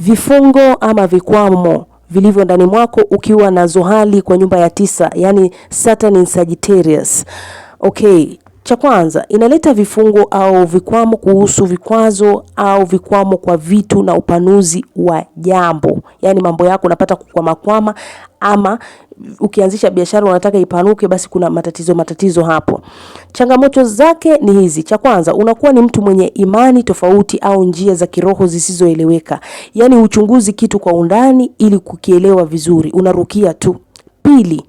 vifungo ama vikwamo vilivyo ndani mwako ukiwa na zohali kwa nyumba ya tisa, yani Saturn in Sagittarius. Okay, cha kwanza, inaleta vifungo au vikwamo kuhusu vikwazo au vikwamo kwa vitu na upanuzi wa jambo, yaani mambo yako unapata kukwamakwama, ama ukianzisha biashara unataka ipanuke, basi kuna matatizo matatizo hapo. Changamoto zake ni hizi. Cha kwanza, unakuwa ni mtu mwenye imani tofauti au njia za kiroho zisizoeleweka, yaani uchunguzi kitu kwa undani ili kukielewa vizuri, unarukia tu. Pili,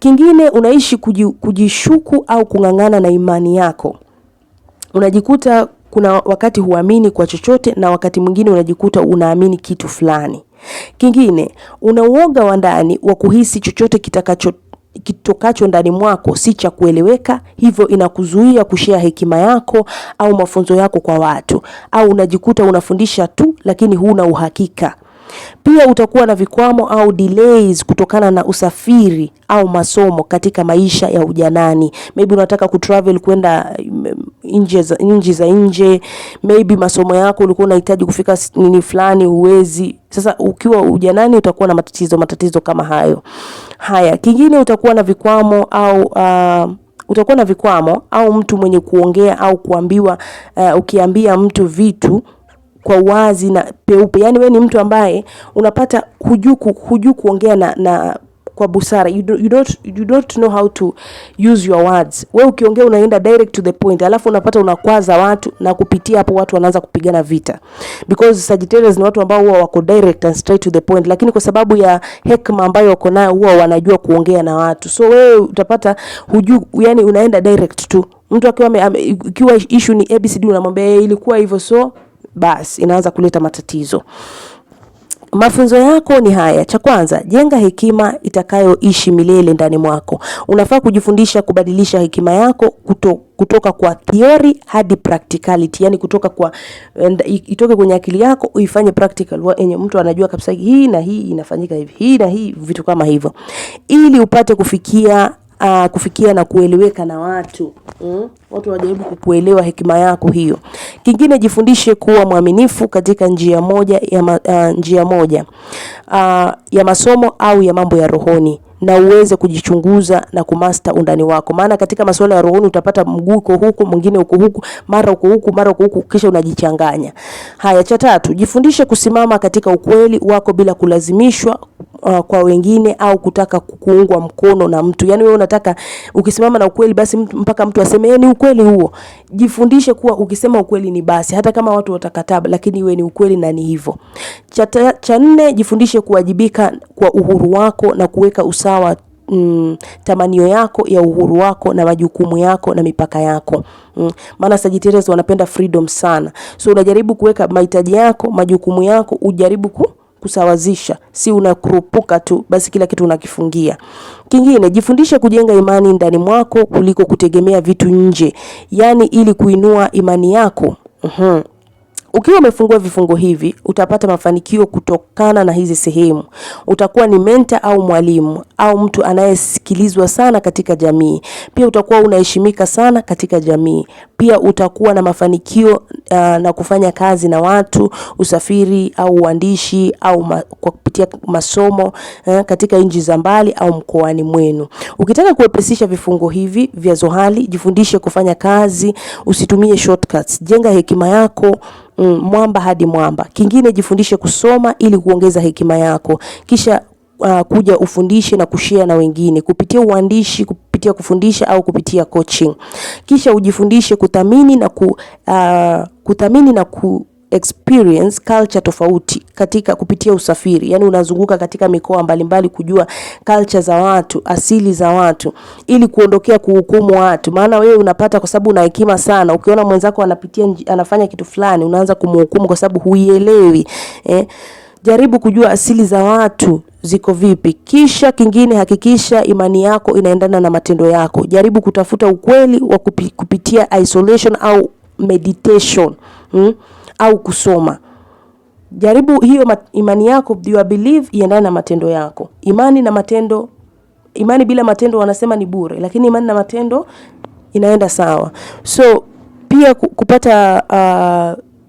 Kingine unaishi kujishuku au kung'ang'ana na imani yako, unajikuta kuna wakati huamini kwa chochote na wakati mwingine unajikuta unaamini kitu fulani. Kingine una uoga wa ndani wa kuhisi chochote kitakacho kitokacho ndani mwako si cha kueleweka, hivyo inakuzuia kushea hekima yako au mafunzo yako kwa watu, au unajikuta unafundisha tu lakini huna uhakika. Pia utakuwa na vikwamo au delays kutokana na usafiri au masomo katika maisha ya ujanani. Maybe unataka kutravel kwenda mm, nje za nje za nje, maybe masomo yako ulikuwa unahitaji kufika nini fulani huwezi. Sasa ukiwa ujanani utakuwa na matatizo matatizo kama hayo. Haya, kingine utakuwa na vikwamo au uh, utakuwa na vikwamo au mtu mwenye kuongea au kuambiwa uh, ukiambia mtu vitu kwa uwazi na peupe. Yani we ni mtu ambaye unapata hujuku hujuku kuongea na, na kwa busara you, do, you, don't, you don't know how to use your words. We ukiongea unaenda direct to the point, alafu unapata unakwaza watu na kupitia hapo watu wanaanza kupigana vita, because Sagittarius ni watu ambao huwa wako direct and straight to the point, lakini kwa sababu ya hekima ambayo wako nayo huwa wanajua kuongea na watu, so wewe utapata hujui, yani unaenda direct tu. Mtu akiwa ikiwa issue ni ABCD unamwambia eh, ilikuwa hivyo so basi inaanza kuleta matatizo. Mafunzo yako ni haya. Cha kwanza, jenga hekima itakayoishi milele ndani mwako. Unafaa kujifundisha kubadilisha hekima yako kuto, kutoka kwa theory hadi practicality, yani kutoka kwa itoke kwenye akili yako uifanye practical, yenye mtu anajua kabisa hii na hii inafanyika hivi, hii na hii, vitu kama hivyo, ili upate kufikia uh, kufikia na kueleweka na watu mm? Watu wajaribu kukuelewa hekima yako hiyo. Kingine, jifundishe kuwa mwaminifu katika njia moja ya ma, uh, njia moja uh, ya masomo au ya mambo ya rohoni na uweze kujichunguza na kumasta undani wako, maana katika masuala ya rohoni utapata mguu uko huku, mwingine uko huku, mara uko huku, mara uko huku, kisha unajichanganya. Haya, cha tatu, jifundishe kusimama katika ukweli wako bila kulazimishwa uh, kwa wengine au kutaka kuungwa mkono na mtu. Yaani wewe unataka ukisimama na ukweli basi mtu, mpaka mtu aseme eh, ni ukweli huo. Jifundishe kuwa ukisema ukweli ni basi, hata kama watu watakataa, lakini iwe ni ukweli na ni hivyo. Cha, nne, jifundishe kuwajibika kwa uhuru wako na kuweka usawa Mm, tamanio yako ya uhuru wako na majukumu yako na mipaka yako mm, Maana mm. Sagittarius wanapenda freedom sana, so unajaribu kuweka mahitaji yako, majukumu yako, ujaribu ku kusawazisha, si unakurupuka tu basi kila kitu unakifungia. Kingine, jifundishe kujenga imani ndani mwako kuliko kutegemea vitu nje, yaani ili kuinua imani yako. Uhum. Ukiwa umefungua vifungo hivi utapata mafanikio kutokana na hizi sehemu. Utakuwa ni menta au mwalimu au mtu anayesikilizwa sana katika jamii. Pia utakuwa unaheshimika sana katika jamii. Pia utakuwa na mafanikio uh, na kufanya kazi na watu, usafiri au uandishi au ma, kwa kupitia masomo uh, katika nchi za mbali au mkoani mwenu. Ukitaka kuepesisha vifungo hivi vya zohali, jifundishe kufanya kazi, usitumie shortcuts. Jenga hekima yako mm, mwamba hadi mwamba. Kingine jifundishe kusoma ili kuongeza hekima yako, kisha uh, kuja ufundishe na kushare na wengine kupitia uandishi, kupitia kufundisha au kupitia coaching. Kisha ujifundishe kuthamini na ku, uh, kuthamini na ku experience culture tofauti katika kupitia usafiri. Yani unazunguka katika mikoa mbalimbali kujua culture za watu, asili za watu, ili kuondokea kuhukumu watu. Maana wewe unapata kwa sababu una hekima sana, ukiona mwenzako anapitia anafanya kitu fulani, unaanza kumhukumu kwa sababu huielewi eh. Jaribu kujua asili za watu ziko vipi. Kisha kingine, hakikisha imani yako inaendana na matendo yako. Jaribu kutafuta ukweli wa kupitia isolation au meditation hmm au kusoma. Jaribu hiyo imani yako, you believe iendane na matendo yako. Imani na matendo, imani bila matendo wanasema ni bure, lakini imani na matendo inaenda sawa. So pia kupata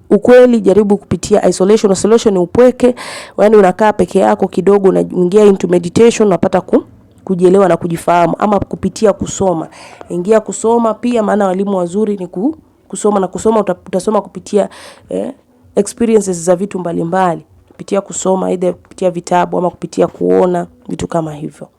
uh, ukweli jaribu kupitia isolation. Isolation ni upweke, yaani unakaa peke yako kidogo, unaingia into meditation, unapata ku, kujielewa na kujifahamu, ama kupitia kusoma. Ingia kusoma pia, maana walimu wazuri ni ku kusoma na kusoma utasoma kupitia eh, experiences za vitu mbalimbali mbali. Kupitia kusoma aidha kupitia vitabu ama kupitia kuona vitu kama hivyo.